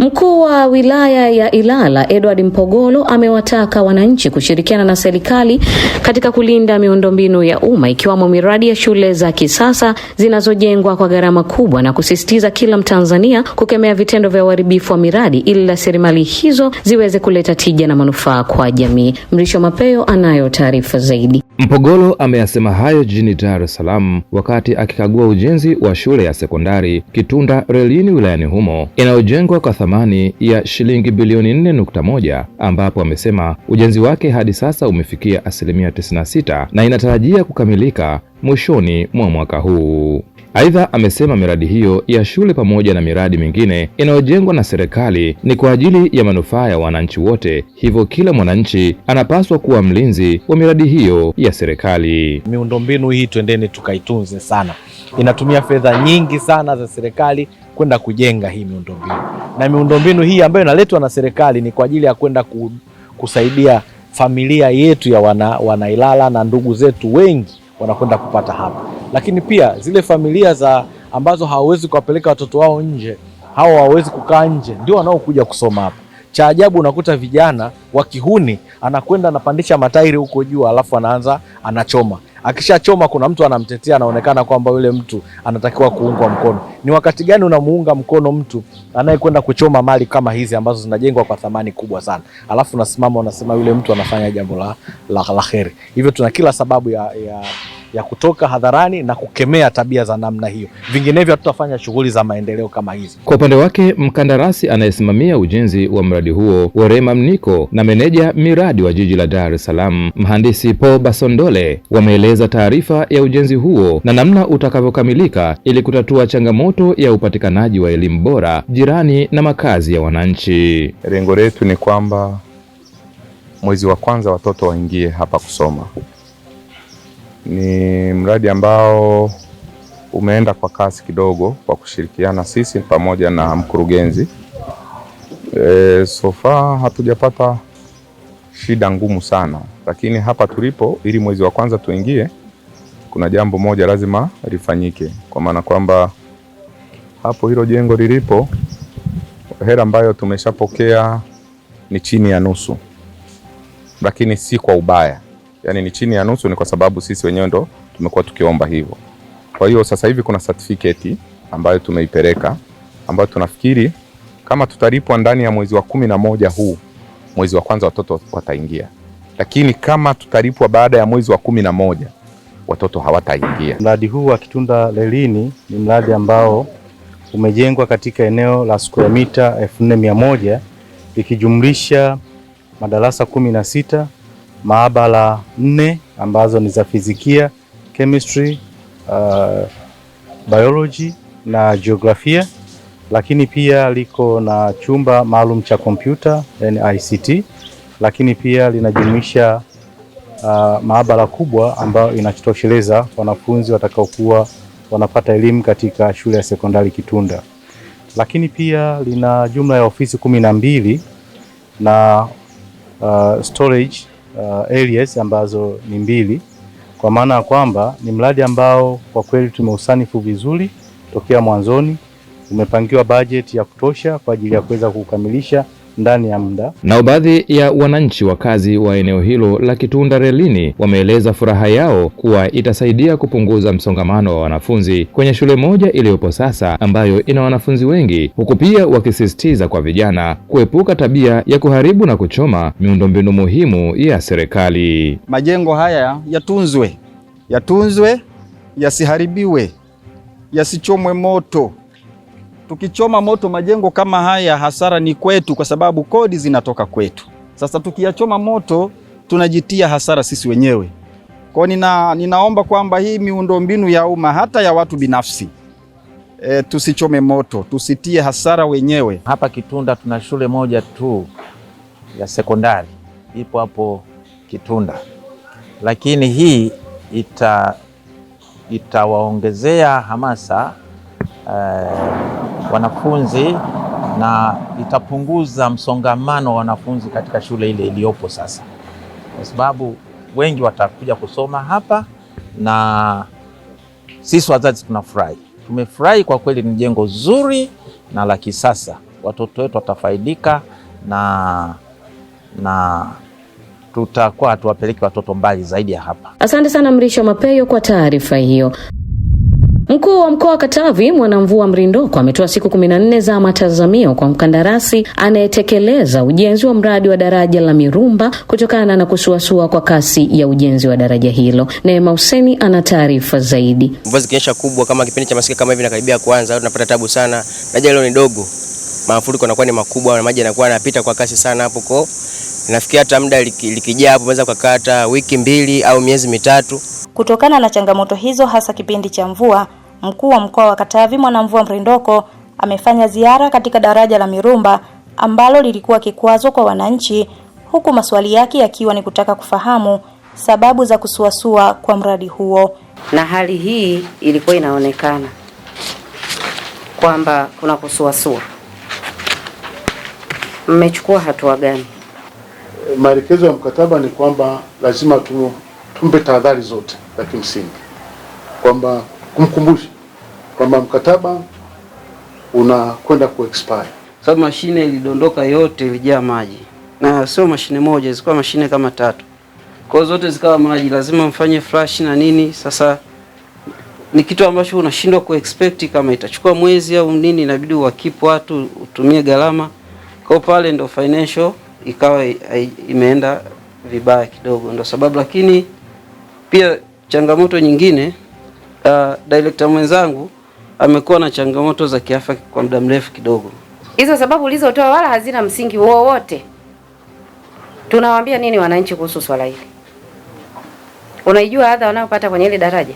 Mkuu wa wilaya ya Ilala Edward Mpogolo amewataka wananchi kushirikiana na serikali katika kulinda miundombinu ya umma ikiwamo miradi ya shule za kisasa zinazojengwa kwa gharama kubwa na kusisitiza kila Mtanzania kukemea vitendo vya uharibifu wa miradi ili rasilimali hizo ziweze kuleta tija na manufaa kwa jamii. Mrisho Mapeo anayo taarifa zaidi. Mpogolo ameyasema hayo jijini Dar es Salaam wakati akikagua ujenzi wa shule ya sekondari Kitunda Relini wilayani humo inayojengwa kwa thamani ya shilingi bilioni 4.1 ambapo amesema ujenzi wake hadi sasa umefikia asilimia 96 na inatarajia kukamilika mwishoni mwa mwaka huu. Aidha, amesema miradi hiyo ya shule pamoja na miradi mingine inayojengwa na serikali ni kwa ajili ya manufaa ya wananchi wote, hivyo kila mwananchi anapaswa kuwa mlinzi wa miradi hiyo ya serikali. Miundombinu hii, twendeni tukaitunze sana, inatumia fedha nyingi sana za serikali kwenda kujenga hii miundombinu, na miundombinu hii ambayo inaletwa na serikali ni kwa ajili ya kwenda kusaidia familia yetu ya wana, Wanailala na ndugu zetu wengi wanakwenda kupata hapa, lakini pia zile familia za ambazo hawawezi kuwapeleka watoto wao nje, hao hawawezi kukaa nje, ndio wanaokuja kusoma hapa. Cha ajabu unakuta vijana wa kihuni anakwenda anapandisha matairi huko juu, alafu anaanza anachoma akishachoma kuna mtu anamtetea, anaonekana kwamba yule mtu anatakiwa kuungwa mkono. Ni wakati gani unamuunga mkono mtu anayekwenda kuchoma mali kama hizi ambazo zinajengwa kwa thamani kubwa sana, alafu unasimama unasema yule mtu anafanya jambo la, la, la heri? Hivyo tuna kila sababu ya, ya ya kutoka hadharani na kukemea tabia za namna hiyo, vinginevyo hatutafanya shughuli za maendeleo kama hizi. Kwa upande wake, mkandarasi anayesimamia ujenzi wa mradi huo Werema Mniko na meneja miradi wa jiji la Dar es Salaam mhandisi Paul Basondole wameeleza taarifa ya ujenzi huo na namna utakavyokamilika ili kutatua changamoto ya upatikanaji wa elimu bora jirani na makazi ya wananchi. Lengo letu ni kwamba mwezi wa kwanza watoto waingie hapa kusoma. Ni mradi ambao umeenda kwa kasi kidogo kwa kushirikiana sisi pamoja na mkurugenzi. E, so far hatujapata shida ngumu sana, lakini hapa tulipo, ili mwezi wa kwanza tuingie, kuna jambo moja lazima lifanyike, kwa maana kwamba hapo hilo jengo lilipo, hela ambayo tumeshapokea ni chini ya nusu, lakini si kwa ubaya yani ni chini ya nusu, ni kwa sababu sisi wenyewe ndo tumekuwa tukiomba hivyo. Kwa hiyo sasa hivi kuna certificate ambayo tumeipeleka ambayo tunafikiri kama tutalipwa ndani ya mwezi wa kumi na moja huu mwezi wa kwanza watoto wataingia, lakini kama tutalipwa baada ya mwezi wa kumi na moja watoto hawataingia. Mradi huu wa Kitunda Lelini ni mradi ambao umejengwa katika eneo la square mita elfu nne mia moja likijumlisha madarasa kumi na sita maabara nne ambazo ni za fizikia, chemistry, uh, biology na jiografia, lakini pia liko na chumba maalum cha kompyuta yani ICT, lakini pia linajumuisha uh, maabara kubwa ambayo inatosheleza wanafunzi watakaokuwa wanapata elimu katika shule ya sekondari Kitunda, lakini pia lina jumla ya ofisi kumi na mbili na uh, storage uh, areas ambazo ni mbili, kwa maana ya kwamba ni mradi ambao kwa kweli tumeusanifu vizuri tokea mwanzoni, umepangiwa bajeti ya kutosha kwa ajili ya kuweza kukamilisha ndani ya muda. Nao baadhi ya wananchi wakazi wa eneo hilo la Kitunda Relini wameeleza furaha yao kuwa itasaidia kupunguza msongamano wa wanafunzi kwenye shule moja iliyopo sasa ambayo ina wanafunzi wengi, huku pia wakisisitiza kwa vijana kuepuka tabia ya kuharibu na kuchoma miundombinu muhimu ya serikali. Majengo haya yatunzwe, yatunzwe, yasiharibiwe, yasichomwe moto tukichoma moto majengo kama haya, hasara ni kwetu, kwa sababu kodi zinatoka kwetu. Sasa tukiyachoma moto tunajitia hasara sisi wenyewe. Kwa nina, ninaomba kwamba hii miundombinu ya umma hata ya watu binafsi e, tusichome moto, tusitie hasara wenyewe. Hapa Kitunda tuna shule moja tu ya sekondari ipo hapo Kitunda, lakini hii ita itawaongezea hamasa uh, wanafunzi na itapunguza msongamano wa wanafunzi katika shule ile iliyopo sasa, kwa sababu wengi watakuja kusoma hapa, na sisi wazazi tunafurahi. Tumefurahi kwa kweli, ni jengo zuri na la kisasa, watoto wetu watafaidika na na tutakuwa hatuwapeleki watoto mbali zaidi ya hapa. Asante sana Mrisho Mapeyo kwa taarifa hiyo. Mkuu wa mkoa wa Katavi Mwanamvua Mrindoko ametoa siku kumi na nne za matazamio kwa mkandarasi anayetekeleza ujenzi wa mradi wa daraja la Mirumba kutokana na kusuasua kwa kasi ya ujenzi wa daraja hilo. Neema Huseni ana taarifa zaidi. Mvua zikinyesha kubwa kama kipindi cha masika kama hivi nakaribia kuanza, tunapata tabu sana. Daraja hilo ni dogo, mafuriko yanakuwa ni makubwa na maji yanakuwa yanapita kwa kasi sana hapo ko nafikia hata muda likijaa hapo unaweza kukata wiki mbili au miezi mitatu. Kutokana na changamoto hizo, hasa kipindi cha mvua Mkuu wa Mkoa wa Katavi Mwanamvua Mrindoko amefanya ziara katika daraja la Mirumba ambalo lilikuwa kikwazo kwa wananchi, huku maswali yake yakiwa ni kutaka kufahamu sababu za kusuasua kwa mradi huo. Na hali hii ilikuwa inaonekana kwamba kuna kusuasua, mmechukua hatua gani? Maelekezo ya mkataba ni kwamba lazima tumpe tahadhari zote za kimsingi kwamba kumkumbusha kwamba mkataba unakwenda ku expire, sababu mashine ilidondoka yote, ilijaa maji na sio mashine moja, zilikuwa mashine kama tatu, kwa zote zikawa maji, lazima mfanye flash na nini. Sasa ni kitu ambacho unashindwa ku expect kama itachukua mwezi au nini, inabidi uwakipu watu utumie gharama kwa pale, ndo financial ikawa imeenda vibaya kidogo, ndo sababu. Lakini pia changamoto nyingine uh, director mwenzangu amekuwa na changamoto za kiafya kwa muda mrefu kidogo. Hizo sababu ulizotoa wala hazina msingi wowote. Tunawaambia nini wananchi kuhusu swala hili? Unaijua adha wanayopata kwenye ile daraja?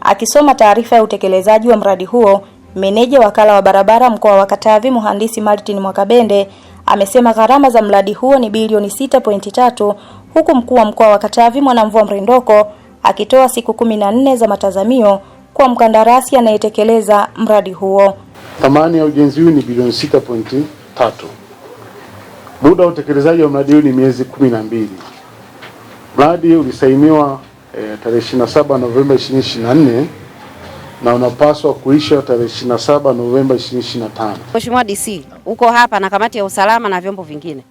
Akisoma taarifa ya utekelezaji wa mradi huo, meneja wakala wa barabara mkoa wa Katavi, Mhandisi Martin Mwakabende amesema gharama za mradi huo ni bilioni 6.3 huku mkuu wa mkoa wa Katavi Mwanamvua Mrindoko akitoa siku kumi na nne za matazamio kwa mkandarasi anayetekeleza mradi huo. Thamani ya ujenzi huu ni bilioni 6.3. Muda wa utekelezaji wa mradi huu ni miezi kumi na mbili. Mradi ulisainiwa eh, tarehe 27 Novemba 2024 na unapaswa kuisha tarehe 27 Novemba 2025. Mheshimiwa DC, uko hapa na kamati ya usalama na vyombo vingine,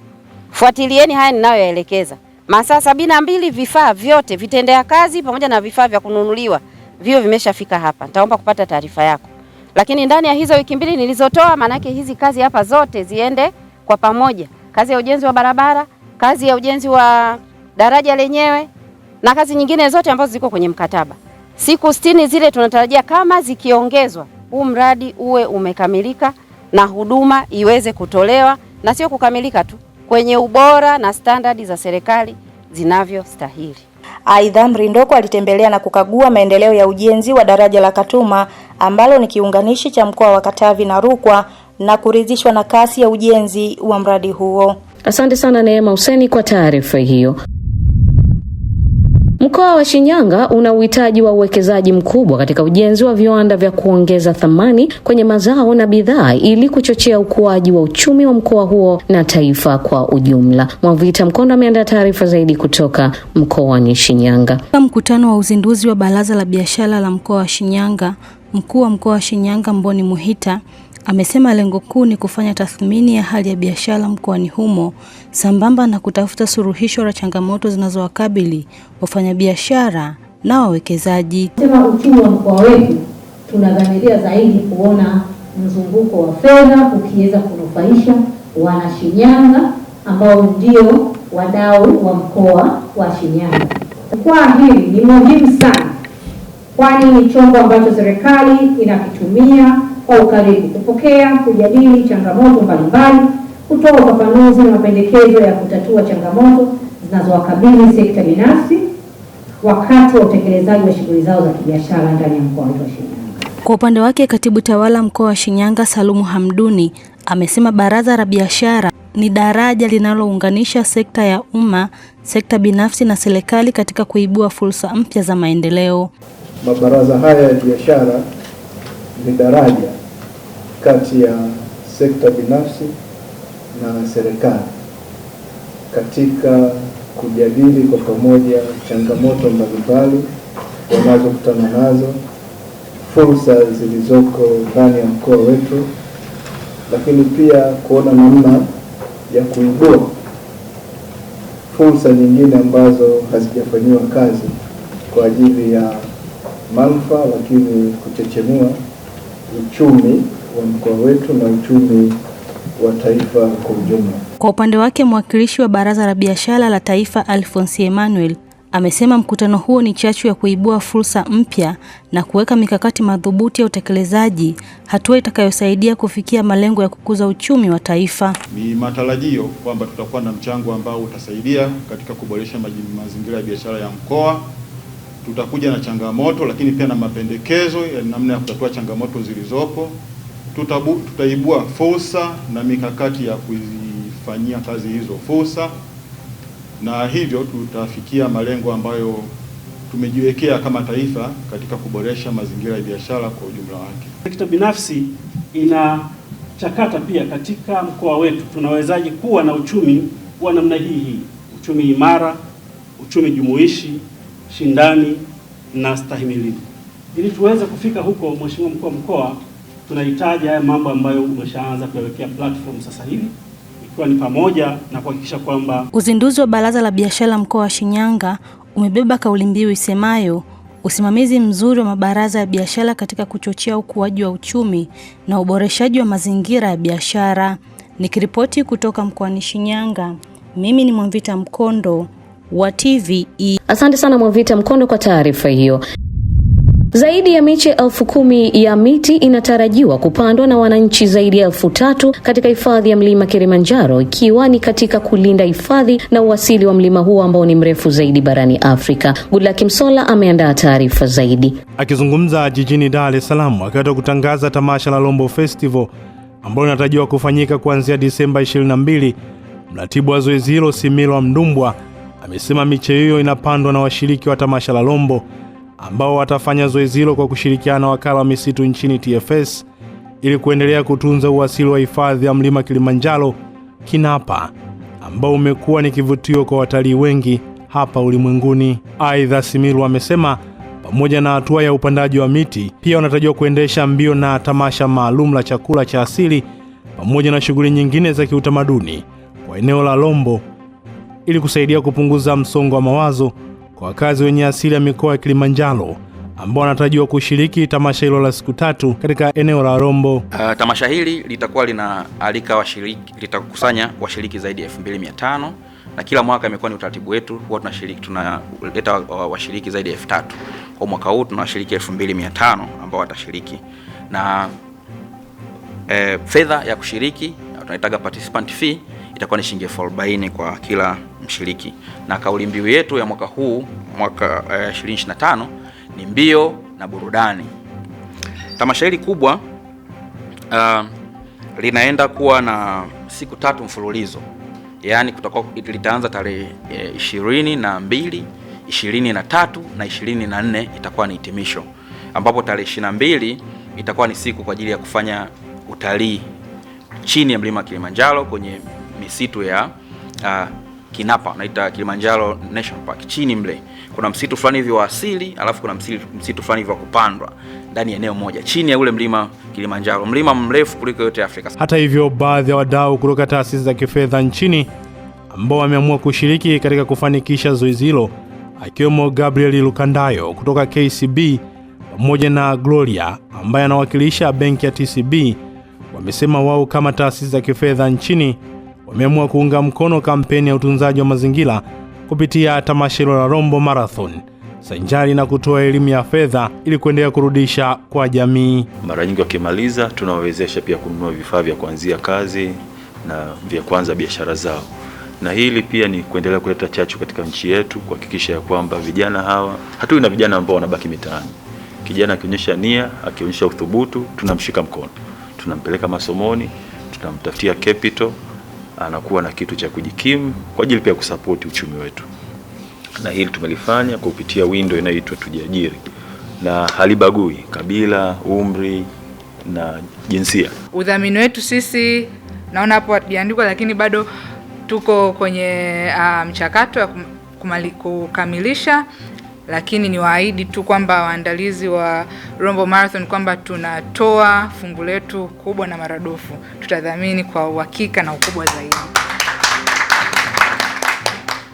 fuatilieni haya ninayoyaelekeza masaa sabini na mbili vifaa vyote vitendea kazi pamoja na vifaa vya kununuliwa vio vimeshafika hapa. Nitaomba kupata taarifa yako, lakini ndani ya hizo wiki mbili nilizotoa, maanake hizi kazi hapa zote ziende kwa pamoja, kazi ya ujenzi wa barabara, kazi ya ujenzi wa daraja lenyewe na kazi nyingine zote ambazo ziko kwenye mkataba. Siku sitini zile tunatarajia kama zikiongezwa, huu mradi uwe umekamilika na huduma iweze kutolewa na sio kukamilika tu kwenye ubora na standardi za serikali zinavyostahili. Aidha, Mrindoko alitembelea na kukagua maendeleo ya ujenzi wa daraja la Katuma ambalo ni kiunganishi cha mkoa wa Katavi na Rukwa na kuridhishwa na kasi ya ujenzi wa mradi huo. Asante sana Neema Huseni kwa taarifa hiyo. Mkoa wa Shinyanga una uhitaji wa uwekezaji mkubwa katika ujenzi wa viwanda vya kuongeza thamani kwenye mazao na bidhaa ili kuchochea ukuaji wa uchumi wa mkoa huo na taifa kwa ujumla. Mwavita Mkondo ameandaa taarifa zaidi kutoka mkoani Shinyanga. Mkutano wa uzinduzi wa baraza la biashara la mkoa wa Shinyanga, mkuu wa mkoa wa Shinyanga Mboni Muhita Amesema lengo kuu ni kufanya tathmini ya hali ya biashara mkoani humo sambamba na kutafuta suluhisho la changamoto zinazowakabili wafanyabiashara na wawekezaji. Sema uchumi wa mkoa wetu tunadhamiria zaidi kuona mzunguko wa fedha ukiweza kunufaisha Wanashinyanga ambao ndio wadau wa mkoa wa Shinyanga. Kwa hili ni muhimu sana, kwani ni chombo ambacho serikali inakitumia kwa ukaribu, kupokea, kujadili changamoto mbalimbali, kutoa ufafanuzi na mapendekezo ya kutatua changamoto zinazowakabili sekta binafsi wakati wa utekelezaji wa shughuli zao za kibiashara ndani ya mkoa wetu wa Shinyanga. Kwa upande wake, Katibu Tawala mkoa wa Shinyanga Salumu Hamduni amesema Baraza la Biashara ni daraja linalounganisha sekta ya umma, sekta binafsi na serikali katika kuibua fursa mpya za maendeleo. Mabaraza haya ya biashara ni daraja kati ya sekta binafsi na serikali katika kujadili kwa pamoja changamoto mbalimbali wanazokutana nazo, fursa zilizoko ndani ya mkoa wetu, lakini pia kuona namna ya kuibua fursa nyingine ambazo hazijafanyiwa kazi kwa ajili ya manufaa, lakini kuchechemua uchumi wa mkoa wetu na uchumi wa taifa kwa ujumla. Kwa upande wake, mwakilishi wa Baraza la Biashara la Taifa Alphonse Emmanuel amesema mkutano huo ni chachu ya kuibua fursa mpya na kuweka mikakati madhubuti ya utekelezaji, hatua itakayosaidia kufikia malengo ya kukuza uchumi wa taifa. Ni matarajio kwamba tutakuwa na mchango ambao utasaidia katika kuboresha mazingira ya biashara ya mkoa. Tutakuja na changamoto, lakini pia na mapendekezo ya namna ya kutatua changamoto zilizopo. Tutabu, tutaibua fursa na mikakati ya kuzifanyia kazi hizo fursa, na hivyo tutafikia malengo ambayo tumejiwekea kama taifa katika kuboresha mazingira ya biashara kwa ujumla wake. Sekta binafsi inachakata pia katika mkoa wetu, tunawezaje kuwa na uchumi wa namna hii hii, uchumi imara, uchumi jumuishi shindani na stahimilivu. Ili tuweze kufika huko, Mheshimiwa Mkuu wa Mkoa, tunahitaji haya mambo ambayo umeshaanza kuyawekea platform sasa hivi ikiwa ni pamoja na kuhakikisha kwamba uzinduzi wa Baraza la Biashara mkoa wa Shinyanga umebeba kauli mbiu isemayo usimamizi mzuri wa mabaraza ya biashara katika kuchochea ukuaji wa uchumi na uboreshaji wa mazingira ya biashara. Nikiripoti kutoka mkoani Shinyanga, mimi ni Mwamvita Mkondo wa TVE. Asante sana Mwavita Mkondo kwa taarifa hiyo. Zaidi ya miche elfu kumi ya miti inatarajiwa kupandwa na wananchi zaidi ya elfu tatu katika hifadhi ya mlima Kilimanjaro ikiwa ni katika kulinda hifadhi na uasili wa mlima huo ambao ni mrefu zaidi barani Afrika. Goodluck Msola ameandaa taarifa zaidi. Akizungumza jijini Dar es Salaam wakati wa kutangaza tamasha la Lombo Festival ambalo linatarajiwa kufanyika kuanzia Disemba 22, mratibu wa zoezi hilo Similwa Mdumbwa amesema miche hiyo inapandwa na washiriki wa tamasha la Lombo ambao watafanya zoezi hilo kwa kushirikiana na wakala wa misitu nchini TFS ili kuendelea kutunza uasili wa hifadhi ya mlima Kilimanjaro Kinapa ambao umekuwa ni kivutio kwa watalii wengi hapa ulimwenguni. Aidha, Simiru amesema pamoja na hatua ya upandaji wa miti pia wanatarajiwa kuendesha mbio na tamasha maalum la chakula cha asili pamoja na shughuli nyingine za kiutamaduni kwa eneo la Lombo ili kusaidia kupunguza msongo wa mawazo kwa wakazi wenye asili ya mikoa ya Kilimanjaro ambao wanatarajiwa kushiriki tamasha hilo la siku tatu katika eneo la Rombo. Uh, tamasha hili litakuwa linaalika washiriki, litakusanya washiriki zaidi ya 2500 na kila mwaka imekuwa ni utaratibu wetu, huwa tunashiriki tunaleta washiriki zaidi ya 3000. Kwa mwaka huu tuna washiriki 2500 ambao watashiriki na eh, fedha ya kushiriki tunaitaga participant fee itakuwa ni shilingi elfu arobaini kwa kila mshiriki, na kauli mbiu yetu ya mwaka huu mwaka 2025 eh, ni mbio na burudani. Tamasha hili kubwa uh, linaenda kuwa na siku tatu mfululizo, yaani kutakuwa litaanza tarehe eh, ishirini na mbili ishirini na tatu na ishirini na nne itakuwa ni hitimisho, ambapo tarehe ishirini na mbili itakuwa ni siku kwa ajili ya kufanya utalii chini ya mlima Kilimanjaro kwenye misitu ya uh, Kinapa naita Kilimanjaro National Park. Chini mle kuna msitu fulani hivi wa asili, alafu kuna msitu, msitu fulani hivi wa kupandwa ndani ya eneo moja chini ya ule mlima Kilimanjaro, mlima mrefu kuliko yote Afrika. Hata hivyo, baadhi ya wadau kutoka taasisi za kifedha nchini ambao wameamua kushiriki katika kufanikisha zoezi hilo akiwemo Gabriel Lukandayo kutoka KCB pamoja na Gloria ambaye anawakilisha benki ya TCB wamesema wao kama taasisi za kifedha nchini wameamua kuunga mkono kampeni ya utunzaji wa mazingira kupitia tamashiro la Rombo Marathon sanjari na kutoa elimu ya fedha ili kuendelea kurudisha kwa jamii. Mara nyingi wakimaliza, tunawawezesha pia kununua vifaa vya kuanzia kazi na vya kuanza biashara zao, na hili pia ni kuendelea kuleta chachu katika nchi yetu, kuhakikisha ya kwamba vijana hawa, hatui na vijana ambao wanabaki mitaani. Kijana akionyesha nia, akionyesha uthubutu, tunamshika mkono, tunampeleka masomoni, tunamtafutia capital anakuwa na kitu cha kujikimu kwa ajili pia kusapoti uchumi wetu, na hili tumelifanya kwa kupitia window inayoitwa Tujiajiri na halibagui kabila, umri na jinsia. Udhamini wetu sisi naona hapo hatujaandikwa, lakini bado tuko kwenye ah, mchakato wa kumali, kukamilisha lakini niwaahidi tu kwamba waandalizi wa Rombo Marathon kwamba tunatoa fungu letu kubwa na maradufu, tutadhamini kwa uhakika na ukubwa zaidi.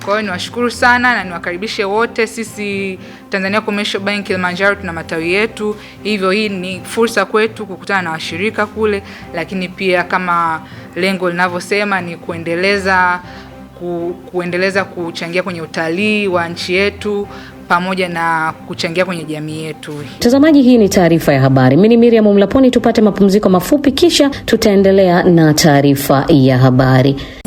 Kwa hiyo niwashukuru sana na niwakaribishe wote. Sisi Tanzania Commercial Bank Kilimanjaro tuna matawi yetu, hivyo hii ni fursa kwetu kukutana na washirika kule, lakini pia kama lengo linavyosema ni kuendeleza ku, kuendeleza kuchangia kwenye utalii wa nchi yetu pamoja na kuchangia kwenye jamii yetu. Mtazamaji, hii ni taarifa ya habari. Mimi ni Miriam Mlaponi, tupate mapumziko mafupi, kisha tutaendelea na taarifa ya habari.